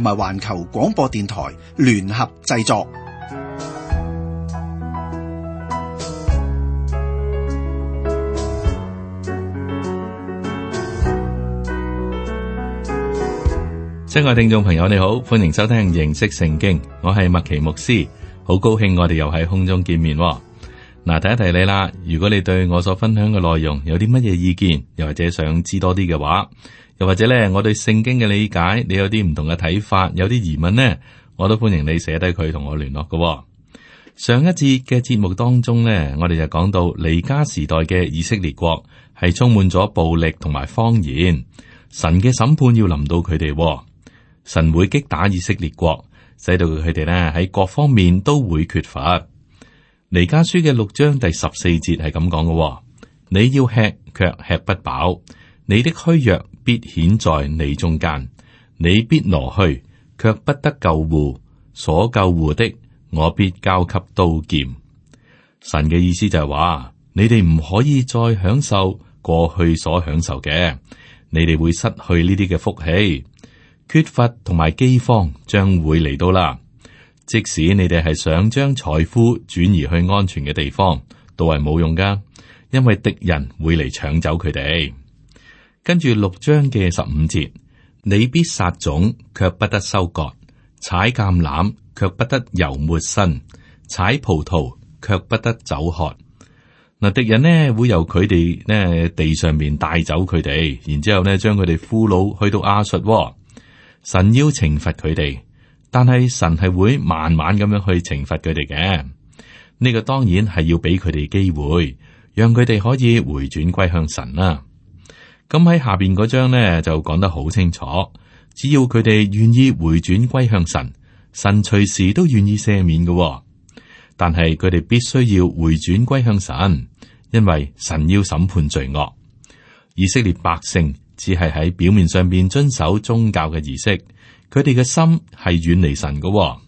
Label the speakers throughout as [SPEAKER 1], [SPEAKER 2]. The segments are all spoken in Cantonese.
[SPEAKER 1] 同埋環球廣播電台聯合製作，親愛聽眾朋友你好，歡迎收聽認識聖經，我係麥奇牧師，好高興我哋又喺空中見面。嗱，提一提你啦，如果你對我所分享嘅內容有啲乜嘢意見，又或者想知多啲嘅話。又或者咧，我對聖經嘅理解，你有啲唔同嘅睇法，有啲疑問呢，我都歡迎你寫低佢同我聯絡嘅。上一節嘅節目當中呢，我哋就講到彌迦時代嘅以色列國係充滿咗暴力同埋謊言，神嘅審判要臨到佢哋，神會擊打以色列國，使到佢哋呢喺各方面都會缺乏。彌迦書嘅六章第十四節係咁講嘅：你要吃卻吃不飽，你的虛弱。必顯在你中間，你必挪去，却不得救護。所救護的，我必交給刀劍。神嘅意思就係話，你哋唔可以再享受過去所享受嘅，你哋會失去呢啲嘅福氣，缺乏同埋饑荒將會嚟到啦。即使你哋係想將財富轉移去安全嘅地方，都係冇用㗎，因為敵人會嚟搶走佢哋。跟住六章嘅十五節，你必殺種，卻不得收割；踩橄欖，卻不得油抹身；踩葡萄，卻不得酒喝。嗱，敵人呢，會由佢哋呢地上面帶走佢哋，然之後呢將佢哋俘虜去到亞述。神要懲罰佢哋，但係神係會慢慢咁樣去懲罰佢哋嘅。呢、這個當然係要俾佢哋機會，讓佢哋可以回轉歸向神啦。咁喺下邊嗰張呢，就講得好清楚，只要佢哋願意回轉歸向神，神隨時都願意赦免嘅喎。但係佢哋必須要回轉歸向神，因為神要審判罪惡。以色列百姓只係喺表面上邊遵守宗教嘅儀式，佢哋嘅心係遠離神嘅喎。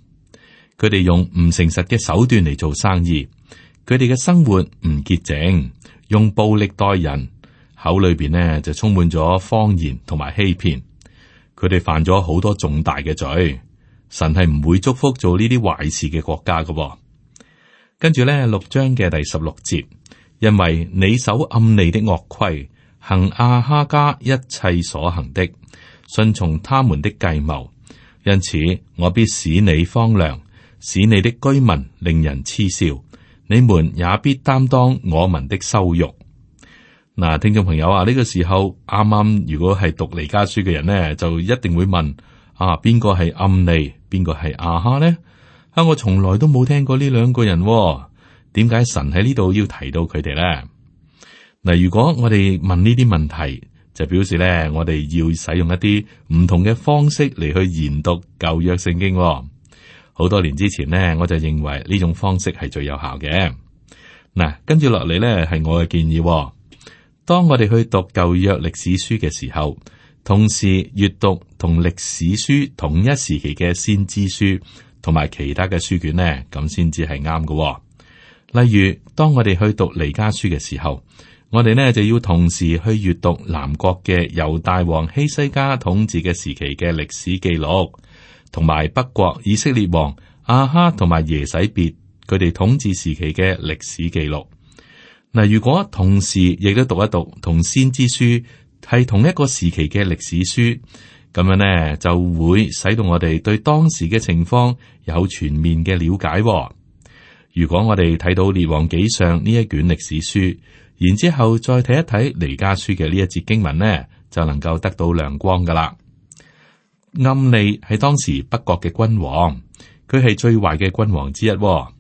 [SPEAKER 1] 佢哋用唔誠實嘅手段嚟做生意，佢哋嘅生活唔潔淨，用暴力待人，口裏邊呢就充滿咗謊言同埋欺騙，佢哋犯咗好多重大嘅罪，神係唔會祝福做呢啲壞事嘅國家噶跟住呢六章嘅第十六節，因為你守暗利的惡規，行亞哈家一切所行的，順從他們的計謀，因此我必使你荒涼，使你的居民令人嗤笑，你們也必擔當我民的羞辱。嗱，聽眾朋友啊，呢個時候啱啱如果係讀彌迦書嘅人呢，就一定會問：啊，邊個係暗利，邊個係亞哈呢？啊，我從來都冇聽過呢兩個人，點解神喺呢度要提到佢哋呢？嗱，如果我哋問呢啲問題，就表示呢，我哋要使用一啲唔同嘅方式嚟去研讀舊約聖經。好多年之前呢，我就認為呢種方式係最有效嘅。嗱，跟住落嚟呢，係我嘅建議。當我哋去讀舊約歷史書嘅時候，同時閱讀同歷史書同一時期嘅先知書同埋其他嘅書卷呢，咁先至係啱嘅。例如，當我哋去讀彌迦書嘅時候，我哋呢就要同時去閱讀南國嘅猶大王希西家統治嘅時期嘅歷史記錄，同埋北國以色列王亞哈同埋耶洗別佢哋統治時期嘅歷史記錄。嗱，如果同時亦都讀一讀《同先知書》，係同一個時期嘅歷史書，咁樣呢就會使到我哋對當時嘅情況有全面嘅了解，哦。如果我哋睇到《列王紀》上呢一卷歷史書，然之後再睇一睇《彌迦書》嘅呢一節經文呢就能夠得到亮光噶啦。暗利係當時北國嘅君王，佢係最壞嘅君王之一，哦。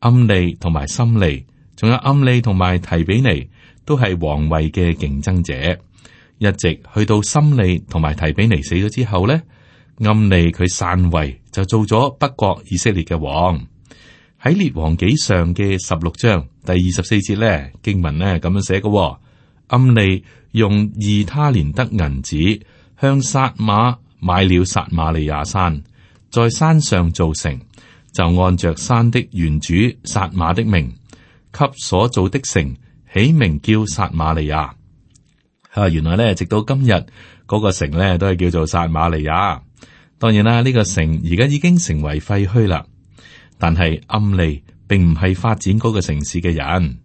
[SPEAKER 1] 暗利同埋心利。仲有暗利同埋提比尼都係王位嘅競爭者，一直去到心利同埋提比尼死咗之後呢，暗利佢散位就做咗北國以色列嘅王。喺列王紀上嘅十六章第二十四節呢經文呢咁樣寫嘅，暗利用二他連德銀子向撒馬買了撒馬利亞山，在山上造城，就按着山的原主撒馬的名，給所造的城起名叫撒馬利亞。啊，原來咧，直到今日嗰、那個城咧都係叫做撒馬利亞。當然啦，呢、這個城而家已經成為廢墟啦。但係暗利並唔係發展嗰個城市嘅人。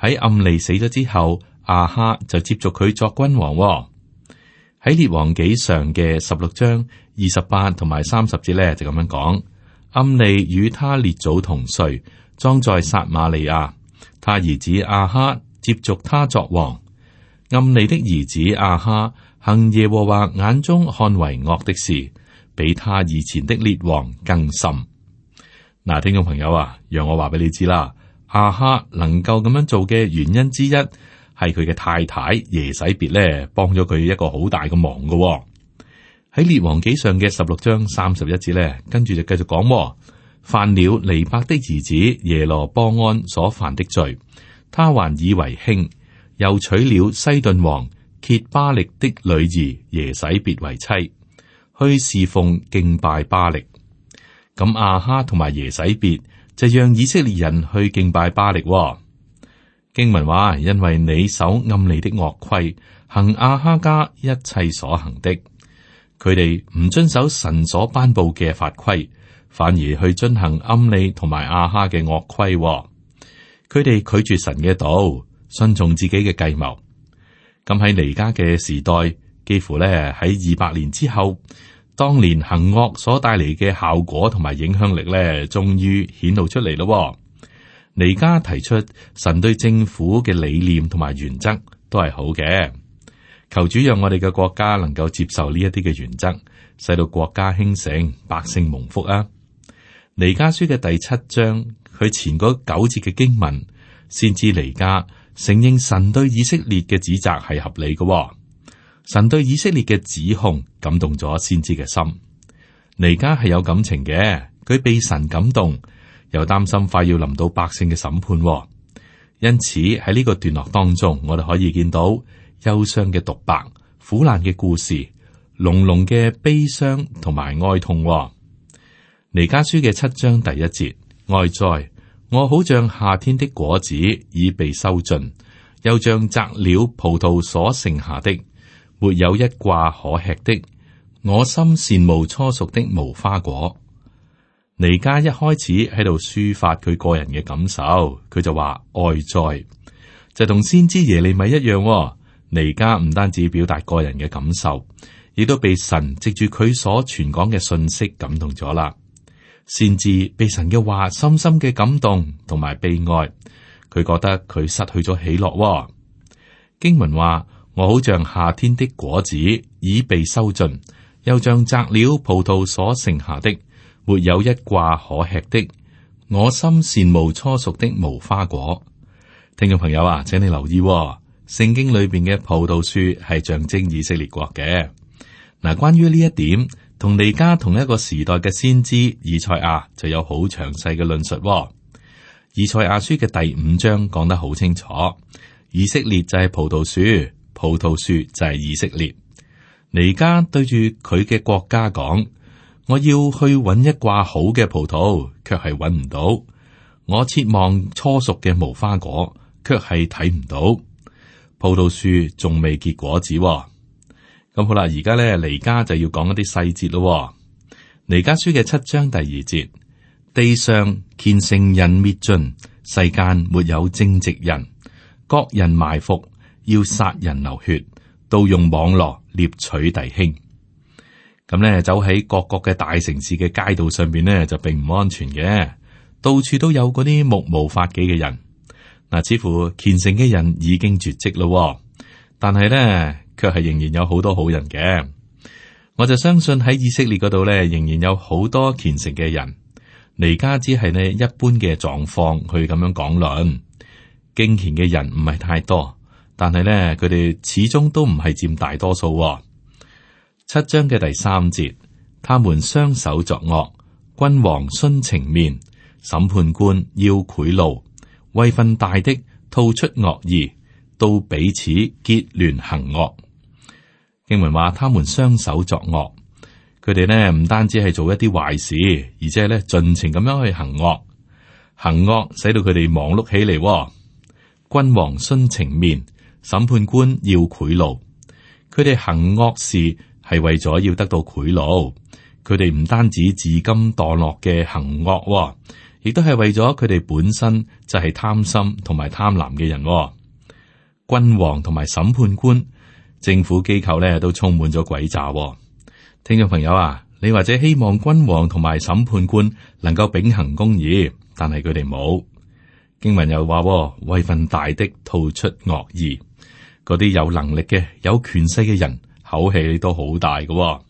[SPEAKER 1] 喺暗利死咗之後，亞哈就接續佢作君王、哦。喺列王紀上嘅十六章二十八同埋三十節咧就咁樣講：暗利與他列祖同睡，葬在撒馬利亞。他兒子阿哈接續他作王，暗利的兒子阿哈行耶和華眼中看為惡的事，比他以前的列王更甚。嗱，聽眾朋友啊，讓我話俾你知啦，阿哈能夠咁樣做嘅原因之一係佢嘅太太耶洗別咧幫咗佢一個好大嘅忙噶。喺列王紀上嘅十六章三十一節咧，跟住就繼續講。犯了尼伯的兒子耶羅波安所犯的罪，他還以為輕，又娶了西頓王揭巴力的女兒耶洗別為妻，去侍奉敬拜巴力。咁亞哈同埋耶洗別就讓以色列人去敬拜巴力。經文話：因為你守暗利的惡規，行亞哈家一切所行的，佢哋唔遵守神所頒布嘅法規。反而去進行暗利同埋阿哈嘅惡規，佢哋拒絕神嘅道，信從自己嘅計謀。咁喺彌迦嘅時代，幾乎咧喺二百年之後，當年行惡所帶嚟嘅效果同埋影響力咧，終於顯露出嚟咯、哦。彌迦提出神對政府嘅理念同埋原則都係好嘅，求主讓我哋嘅國家能夠接受呢一啲嘅原則，使到國家興盛，百姓蒙福啊！彌迦書嘅第七章，佢前嗰九節嘅經文，先知彌迦承認神對以色列嘅指責係合理嘅、哦。神對以色列嘅指控感動咗先知嘅心，彌迦係有感情嘅，佢被神感動，又擔心快要臨到百姓嘅審判、哦，因此喺呢個段落當中，我哋可以見到憂傷嘅獨白、苦難嘅故事、濃濃嘅悲傷同埋哀痛、哦。彌迦書嘅七章第一節，哀哉，我好像夏天的果子已被收盡，又像摘了葡萄所剩下的，沒有一掛可吃的。我心羨慕初熟的無花果。彌迦一開始喺度抒發佢個人嘅感受，佢就話哀哉，就同先知耶利米一樣、哦。彌迦唔單止表達個人嘅感受，亦都被神藉住佢所傳講嘅信息感動咗啦。甚至被神嘅話深深嘅感動同埋悲哀，佢覺得佢失去咗喜樂、哦。經文話：我好像夏天的果子已被收盡，又像摘了葡萄所剩下的，沒有一掛可吃的。我心羨慕初熟的無花果。聽眾朋友啊，請你留意、哦、聖經裏邊嘅葡萄樹係象徵以色列國嘅。嗱，關於呢一點。同彌迦同一個時代嘅先知以賽亞就有好詳細嘅論述、哦。以賽亞書嘅第五章講得好清楚，以色列就係葡萄樹，葡萄樹就係以色列。彌迦對住佢嘅國家講：我要去揾一掛好嘅葡萄，卻係揾唔到；我切望初熟嘅無花果，卻係睇唔到。葡萄樹仲未結果子、哦。咁好啦，而家咧彌迦就要講一啲細節咯。彌迦書嘅七章第二節，地上虔誠人滅盡，世間沒有正直人，各人埋伏要殺人流血，都用網絡獵取弟兄。咁咧，走喺各國嘅大城市嘅街道上邊咧，就並唔安全嘅，到處都有嗰啲目無法紀嘅人。嗱，似乎虔誠嘅人已經絕迹咯、哦，但係咧。卻係仍然有好多好人嘅，我就相信喺以色列嗰度呢，仍然有好多虔誠嘅人。彌迦只係呢一般嘅狀況，去咁樣講論，敬虔嘅人唔係太多，但係呢，佢哋始終都唔係佔大多數，哦。七章嘅第三節，他們雙手作惡，君王徇情面，審判官要賄賂，位分大的吐出惡意，到彼此結聯行惡。經文話，他們雙手作惡，佢哋呢，唔單止係做一啲壞事，而且咧，盡情咁樣去行惡，行惡使到佢哋忙碌起嚟。君王徇情面，審判官要賄賂，佢哋行惡事係為咗要得到賄賂。佢哋唔單止至今墮落嘅行惡，亦都係為咗佢哋本身就係貪心同埋貪婪嘅人。君王同埋審判官。政府機構咧都充滿咗詭詐，聽眾朋友啊，你或者希望君王同埋審判官能夠秉行公義，但係佢哋冇。經文又話、哦：位分大的吐出惡意，嗰啲有能力嘅、有權勢嘅人，口氣都好大嘅、哦。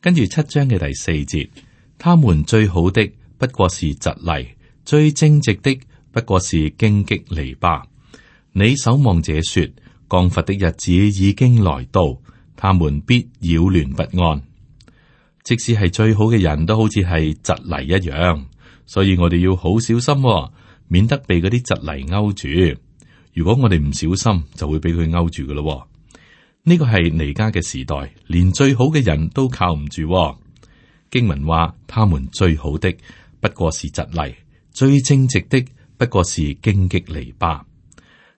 [SPEAKER 1] 跟住七章嘅第四節，他們最好的不過是蒺藜，最正直的不過是荊棘籬笆。你守望者說。降罰的日子已經來到，他們必擾亂不安。即使係最好嘅人都好似係蒺藜一樣，所以我哋要好小心、哦，免得被嗰啲蒺藜勾住。如果我哋唔小心，就會俾佢勾住噶咯。呢、這個係尼家嘅時代，連最好嘅人都靠唔住、哦。經文話：，他們最好的不過是蒺藜，最正直的不過是荊棘籬笆。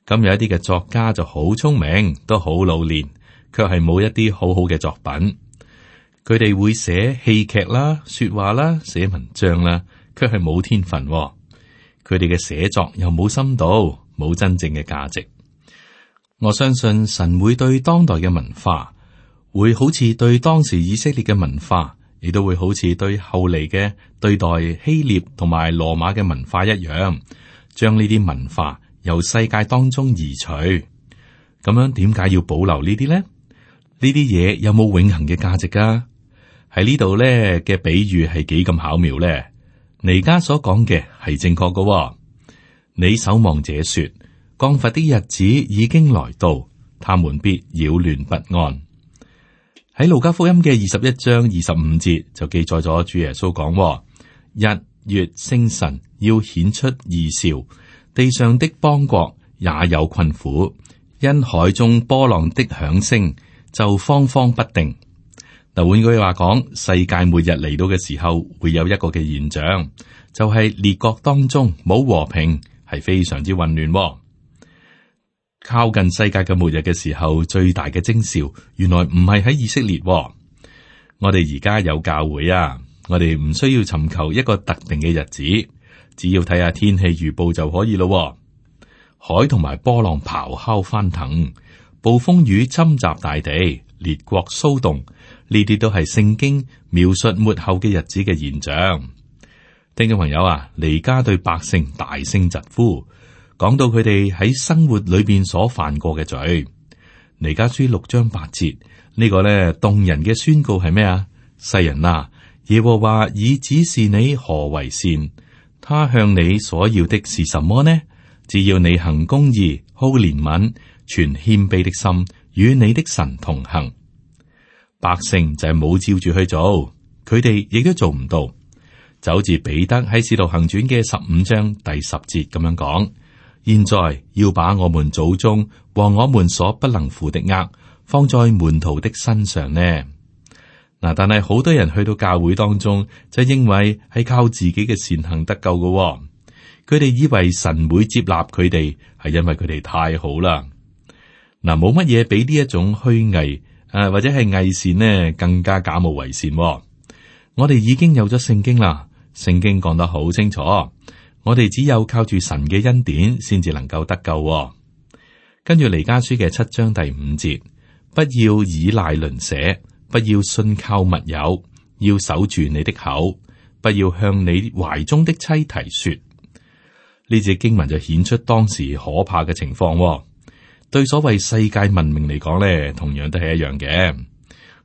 [SPEAKER 1] 今有一啲嘅作家就好聰明，都好老練，卻係冇一啲好好嘅作品。佢哋會寫戲劇啦、說話啦、寫文章啦，卻係冇天分、哦。佢哋嘅寫作又冇深度，冇真正嘅價值。我相信神會對當代嘅文化，會好似對當時以色列嘅文化，亦都會好似對後嚟嘅對待希臘同埋羅馬嘅文化一樣，將呢啲文化，由世界當中移除，咁樣點解要保留呢啲呢？有有呢啲嘢有冇永恆嘅價值噶？喺呢度咧嘅比喻係幾咁巧妙咧？彌迦所講嘅係正確噶、哦。你守望者說，降罰的日子已經來到，他們必擾亂不安。喺路加福音嘅二十一章二十五節就記載咗主耶穌講、哦：日月星辰要顯出異兆。地上的邦國也有困苦，因海中波浪的響聲就慌慌不定。嗱，換句話講，世界末日嚟到嘅時候，會有一個嘅現象，就係列國當中冇和平，係非常之混亂。靠近世界嘅末日嘅時候，最大嘅徵兆，原來唔係喺以色列。我哋而家有教會啊，我哋唔需要尋求一個特定嘅日子。只要睇下天氣預報就可以咯。海同埋波浪咆哮翻騰，暴風雨侵襲大地，列國騷動，呢啲都係聖經描述末後嘅日子嘅現象。聽眾朋友啊，彌迦對百姓大聲疾呼，講到佢哋喺生活裏邊所犯過嘅罪。彌迦書六章八節、這個、呢個咧動人嘅宣告係咩啊？世人啊，耶和華已指示你何為善。他向你所要的是什麼呢？只要你行公義、好憐憫、存謙卑的心，與你的神同行。百姓就係冇照住去做，佢哋亦都做唔到。就好似彼得喺《使徒行傳》嘅十五章第十節咁樣講：現在要把我們祖宗和我們所不能負的軛放在門徒的身上呢？嗱，但係好多人去到教會當中，就認為係靠自己嘅善行得救嘅，哦，佢哋以為神會接納佢哋，係因為佢哋太好啦。嗱，冇乜嘢比呢一種虛偽啊，呃，或者係偽善呢，更加假冒為善，哦。我哋已經有咗聖經啦，聖經講得好清楚，我哋只有靠住神嘅恩典，先至能夠得救，哦。跟住彌迦書嘅七章第五節，不要倚賴鄰舍。不要信靠密友，要守住你的口，不要向你懷中的妻提說。呢節經文就顯出當時可怕嘅情況、哦。對所謂世界文明嚟講咧，同樣都係一樣嘅。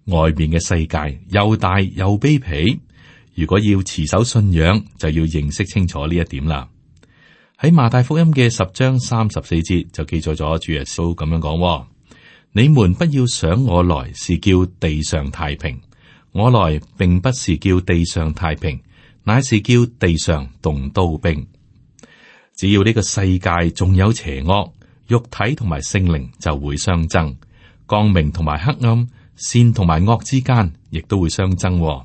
[SPEAKER 1] 外面嘅世界又大又卑鄙。如果要持守信仰，就要認識清楚呢一點啦。喺馬太福音嘅十章三十四節就記載咗主耶穌咁樣講、哦。你們不要想我來是叫地上太平，我來並不是叫地上太平，乃是叫地上動刀兵。只要呢個世界仲有邪惡，肉體同埋聖靈就會相爭，光明同埋黑暗，善同埋惡之間亦都會相爭。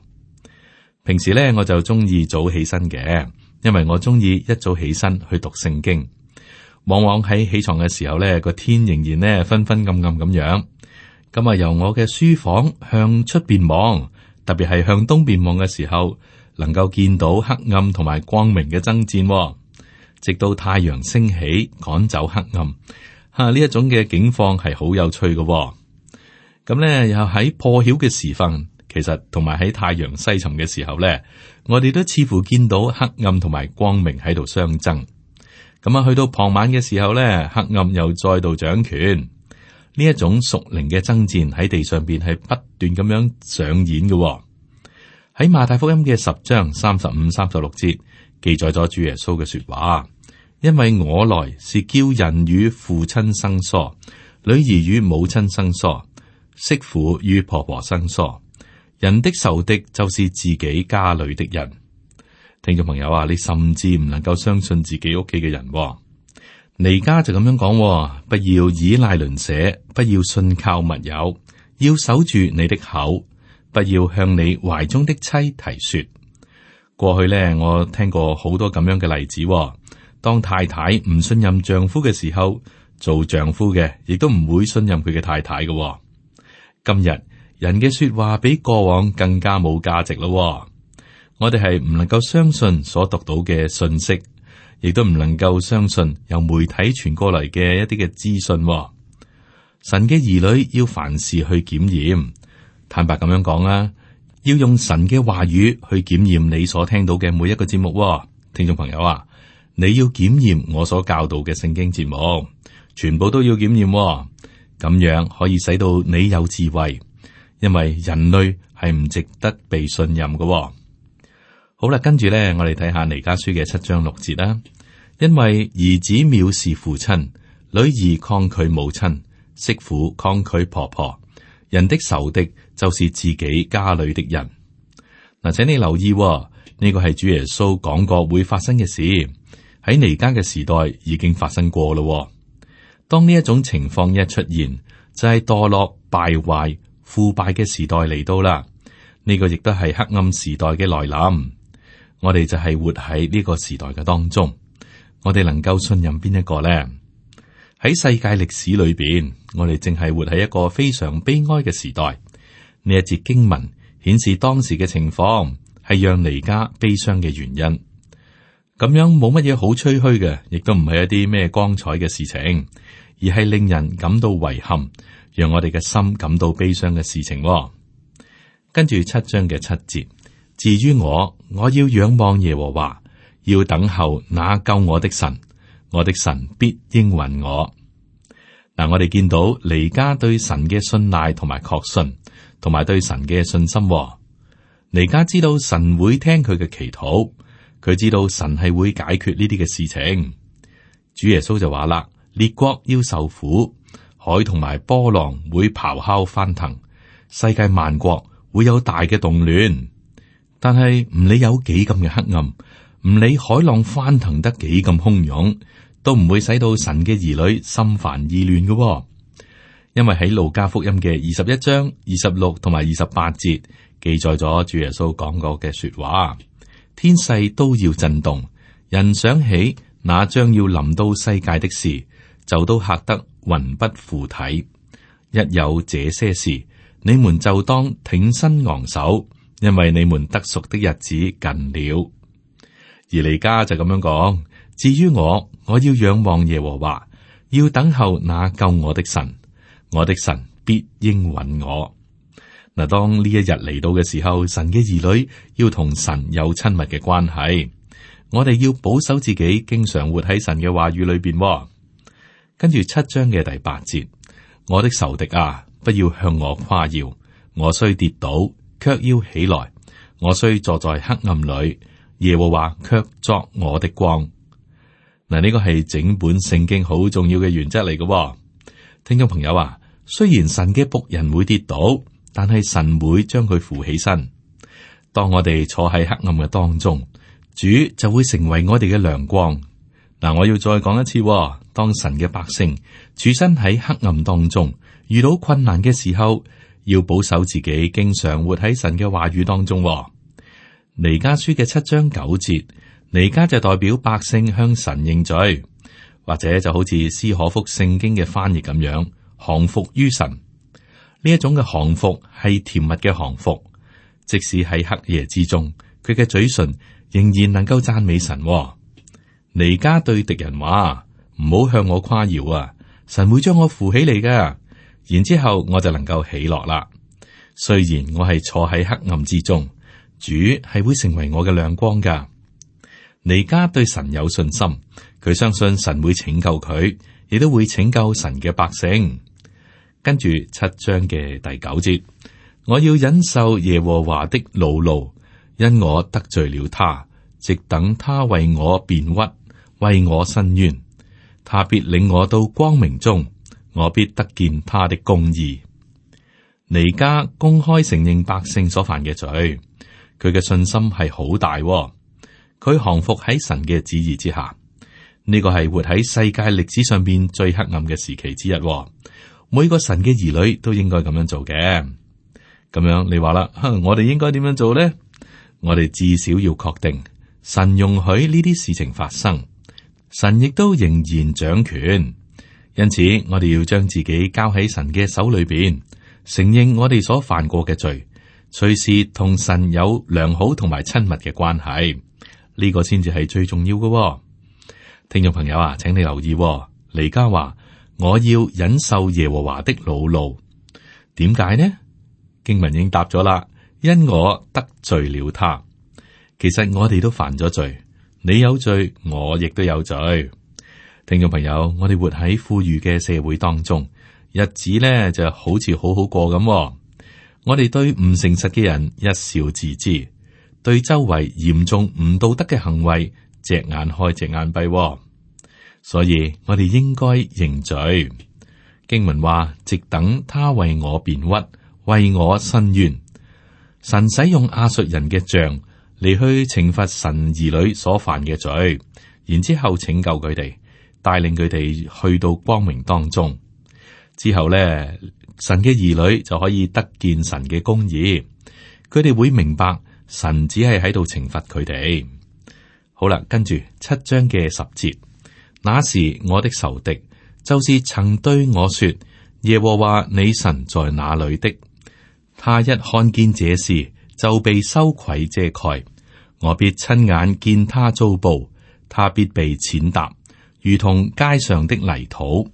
[SPEAKER 1] 平時呢，我就中意早起身嘅，因為我中意一早起身去讀聖經。往往喺起床嘅時候呢，個天仍然呢昏昏暗暗咁樣。咁啊，由我嘅書房向出邊望，特別係向東邊望嘅時候，能夠見到黑暗同埋光明嘅爭戰，直到太陽升起趕走黑暗。吓，呢一種嘅境況係好有趣嘅。咁呢，又喺破曉嘅時分，其實同埋喺太陽西沉嘅時候呢，我哋都似乎見到黑暗同埋光明喺度相爭。咁啊，去到傍晚嘅時候咧，黑暗又再度掌權。呢一種屬靈嘅爭戰喺地上邊係不斷咁樣上演嘅。喺馬太福音嘅十章三十五、三十六節記載咗主耶穌嘅說話：因為我來是叫人與父親生疏，女兒與母親生疏，媳婦與婆婆生疏。人的仇敵就是自己家裏的人。聽眾朋友啊，你甚至唔能夠相信自己屋企嘅人、哦，彌迦就咁樣講、哦，不要倚賴鄰舍，不要信靠密友，要守住你的口，不要向你懷中的妻提說。過去呢，我聽過好多咁樣嘅例子、哦，當太太唔信任丈夫嘅時候，做丈夫嘅亦都唔會信任佢嘅太太嘅、哦。今日人嘅說話比過往更加冇價值咯、哦。我哋係唔能夠相信所讀到嘅信息，亦都唔能夠相信由媒體傳過嚟嘅一啲嘅資訊。神嘅兒女要凡事去檢驗，坦白咁樣講啊，要用神嘅話語去檢驗你所聽到嘅每一個節目哦，聽眾朋友啊，你要檢驗我所教導嘅聖經節目，全部都要檢驗哦，咁樣可以使到你有智慧，因為人類係唔值得被信任嘅哦。好啦，跟住咧，我哋睇下彌迦書嘅七章六節啦。因為兒子藐視父親，女兒抗拒母親，媳婦抗拒婆婆，人的仇敵就是自己家裏的人。嗱，請你留意、哦，呢、這個係主耶穌講過會發生嘅事，喺彌迦嘅時代已經發生過啦。當呢一種情況一出現，就係、是、墮落、敗壞、腐敗嘅時代嚟到啦。呢、這個亦都係黑暗時代嘅來臨。我哋就係活喺呢個時代嘅當中，我哋能夠信任邊一個呢？喺世界歷史裏邊，我哋正係活喺一個非常悲哀嘅時代。呢一節經文顯示當時嘅情況係讓彌迦悲傷嘅原因。咁樣冇乜嘢好吹噓嘅，亦都唔係一啲咩光彩嘅事情，而係令人感到遺憾，讓我哋嘅心感到悲傷嘅事情。跟住七章嘅七節。至於我，我要仰望耶和華，要等候那救我的神。我的神必應允我。嗱、嗯，我哋見到彌迦對神嘅信賴同埋確信，同埋對神嘅信心。彌迦知道神會聽佢嘅祈禱，佢知道神係會解決呢啲嘅事情。主耶穌就話啦：列國要受苦，海同埋波浪會咆哮翻騰，世界萬國會有大嘅動亂。但係唔理有幾咁嘅黑暗，唔理海浪翻騰得幾咁洶湧，都唔會使到神嘅兒女心煩意亂嘅、哦。因為喺路加福音嘅二十一章二十六同埋二十八節記載咗主耶穌講過嘅說話：天勢都要震動，人想起那將要臨到世界的事，就都嚇得魂不附體。一有這些事，你們就當挺身昂首。因為你們得贖的日子近了，而彌迦就咁樣講。至於我，我要仰望耶和華，要等候那救我的神，我的神必應允我。嗱，當呢一日嚟到嘅時候，神嘅兒女要同神有親密嘅關係。我哋要保守自己，經常活喺神嘅話語裏邊。跟住七章嘅第八節，我的仇敵啊，不要向我誇耀，我雖跌倒。卻要起來，我雖坐在黑暗裏，耶和華卻作我的光。嗱，呢個係整本聖經好重要嘅原則嚟嘅，聽眾朋友啊，雖然神嘅僕人會跌倒，但係神會將佢扶起身。當我哋坐喺黑暗嘅當中，主就會成為我哋嘅亮光。嗱，我要再講一次，當神嘅百姓處身喺黑暗當中，遇到困難嘅時候。要保守自己，經常活喺神嘅話語當中、哦。彌迦書嘅七章九節，彌迦就代表百姓向神認罪，或者就好似斯可福聖經嘅翻譯咁樣，降服於神。呢一種嘅降服係甜蜜嘅降服，即使喺黑夜之中，佢嘅嘴唇仍然能夠讚美神、哦。彌迦對敵人話：唔好向我誇耀啊，神會將我扶起嚟噶。然之後我就能夠起落啦。雖然我係坐喺黑暗之中，主係會成為我嘅亮光噶。彌迦對神有信心，佢相信神會拯救佢，亦都會拯救神嘅百姓。跟住七章嘅第九節，我要忍受耶和華的惱怒，因我得罪了他。直等他為我辨屈，為我伸冤，他必領我到光明中。我必得見他的公義。彌迦公開承認百姓所犯嘅罪，佢嘅信心係好大、哦。佢降服喺神嘅旨意之下，呢、這個係活喺世界歷史上邊最黑暗嘅時期之一、哦。每個神嘅兒女都應該咁樣做嘅。咁樣你話啦，我哋應該點樣做呢？我哋至少要確定神容許呢啲事情發生，神亦都仍然掌權。因此，我哋要將自己交喺神嘅手裏邊，承認我哋所犯過嘅罪，隨時同神有良好同埋親密嘅關係，呢、這個先至係最重要嘅、哦。聽眾朋友啊，請你留意、哦。彌迦話：我要忍受耶和華的惱怒，點解呢？經文已經答咗啦，因我得罪了他。其實我哋都犯咗罪，你有罪，我亦都有罪。聽眾朋友，我哋活喺富裕嘅社會當中，日子咧就好似好好過咁，哦。我哋對唔誠實嘅人一笑置之，對周圍嚴重唔道德嘅行為隻眼開隻眼閉，哦。所以，我哋應該認罪。經文話：直等他為我辨屈，為我伸冤。神使用亞述人嘅杖，嚟去懲罰神兒女所犯嘅罪，然之後拯救佢哋。帶領佢哋去到光明當中之後呢，神嘅兒女就可以得見神嘅公義。佢哋會明白神只係喺度懲罰佢哋。好啦，跟住七章嘅十節，那時我的仇敵就是曾對我說：耶和華你神在哪裡的？他一看見這事就被羞愧遮蓋，我必親眼見他遭報，他必被踐踏。如同街上的泥土，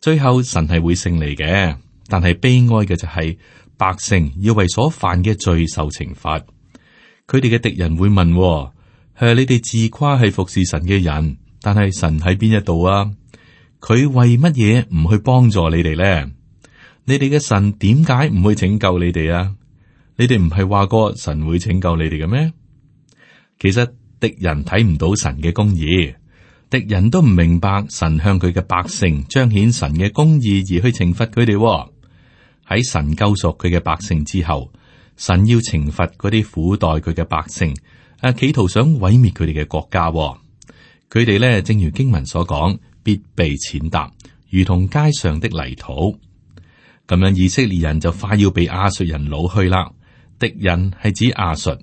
[SPEAKER 1] 最後神係會勝利嘅，但係悲哀嘅就係、是、百姓要為所犯嘅罪受懲罰。佢哋嘅敵人會問：係、哦、你哋自誇係服侍神嘅人，但係神喺邊一度啊？佢為乜嘢唔去幫助你哋呢？你哋嘅神點解唔去拯救你哋啊？你哋唔係話過神會拯救你哋嘅咩？其實敵人睇唔到神嘅公義。敵人都唔明白神向佢嘅百姓彰顯神嘅公義而去懲罰佢哋喎。喺神救贖佢嘅百姓之後，神要懲罰嗰啲苦待佢嘅百姓，誒、啊、企圖想毀滅佢哋嘅國家、哦。佢哋咧，正如經文所講，必被踐踏，如同街上的泥土。咁樣以色列人就快要被亞述人擄去啦。敵人係指亞述，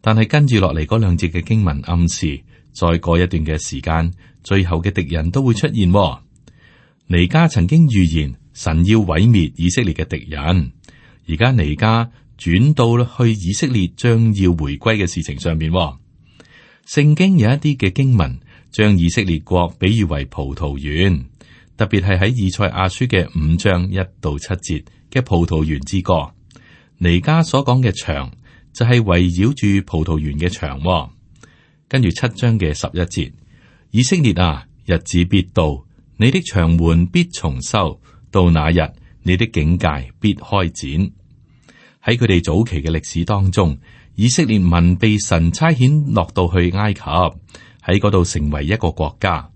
[SPEAKER 1] 但係跟住落嚟嗰兩節嘅經文暗示。再過一段嘅時間，最後嘅敵人都會出現。彌迦曾經預言神要毀滅以色列嘅敵人，而家彌迦轉到去以色列將要回歸嘅事情上面。聖經有一啲嘅經文將以色列國比喻為葡萄園，特別係喺以賽亞書嘅五章一到七節嘅葡萄園之歌。彌迦所講嘅牆就係圍繞住葡萄園嘅牆。跟住七章嘅十一節，以色列啊，日子必到，你的牆垣必重修，到那日，你的境界必開展。喺佢哋早期嘅歷史當中，以色列民被神差遣落到去埃及，喺嗰度成為一個國家。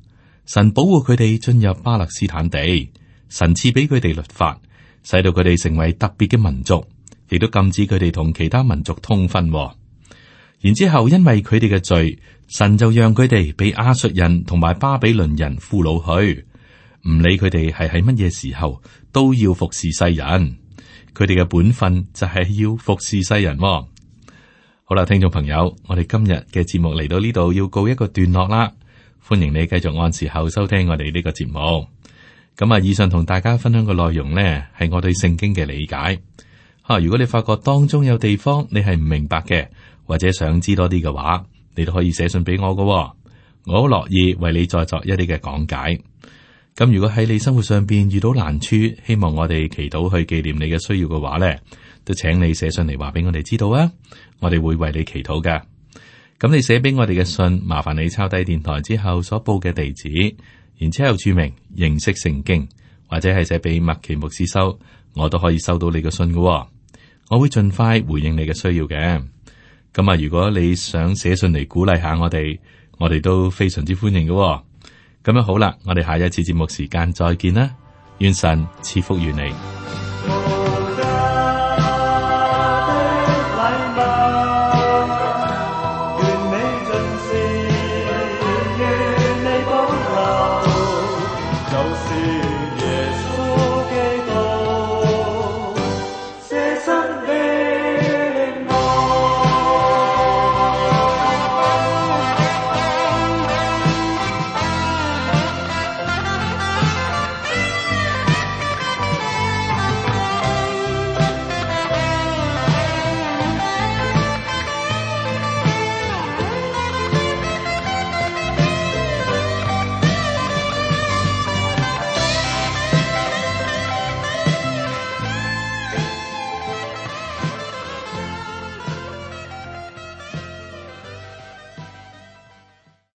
[SPEAKER 1] 神保護佢哋進入巴勒斯坦地，神賜俾佢哋律法，使到佢哋成為特別嘅民族，亦都禁止佢哋同其他民族通婚。然之後，因為佢哋嘅罪，神就讓佢哋被亞述人同埋巴比倫人俘虜去，唔理佢哋係喺乜嘢時候，都要服侍世人。佢哋嘅本分就係要服侍世人。好啦，聽眾朋友，我哋今日嘅節目嚟到呢度要告一個段落啦。歡迎你繼續按時候收聽我哋呢個節目。咁啊，以上同大家分享嘅內容呢，係我對聖經嘅理解吓、啊。如果你發覺當中有地方你係唔明白嘅。或者想知多啲嘅話，你都可以寫信俾我嘅、哦。我好樂意為你再作一啲嘅講解。咁如果喺你生活上邊遇到難處，希望我哋祈禱去紀念你嘅需要嘅話呢，都請你寫信嚟話俾我哋知道啊。我哋會為你祈禱嘅。咁你寫俾我哋嘅信，麻煩你抄低電台之後所報嘅地址，然之後注明認識聖經，或者係寫俾麥奇牧師收，我都可以收到你嘅信嘅、哦。我會盡快回應你嘅需要嘅。咁啊，如果你想寫信嚟鼓勵下我哋，我哋都非常之歡迎嘅喎。咁樣好啦，我哋下一次節目時間再見啦，願神賜福於你。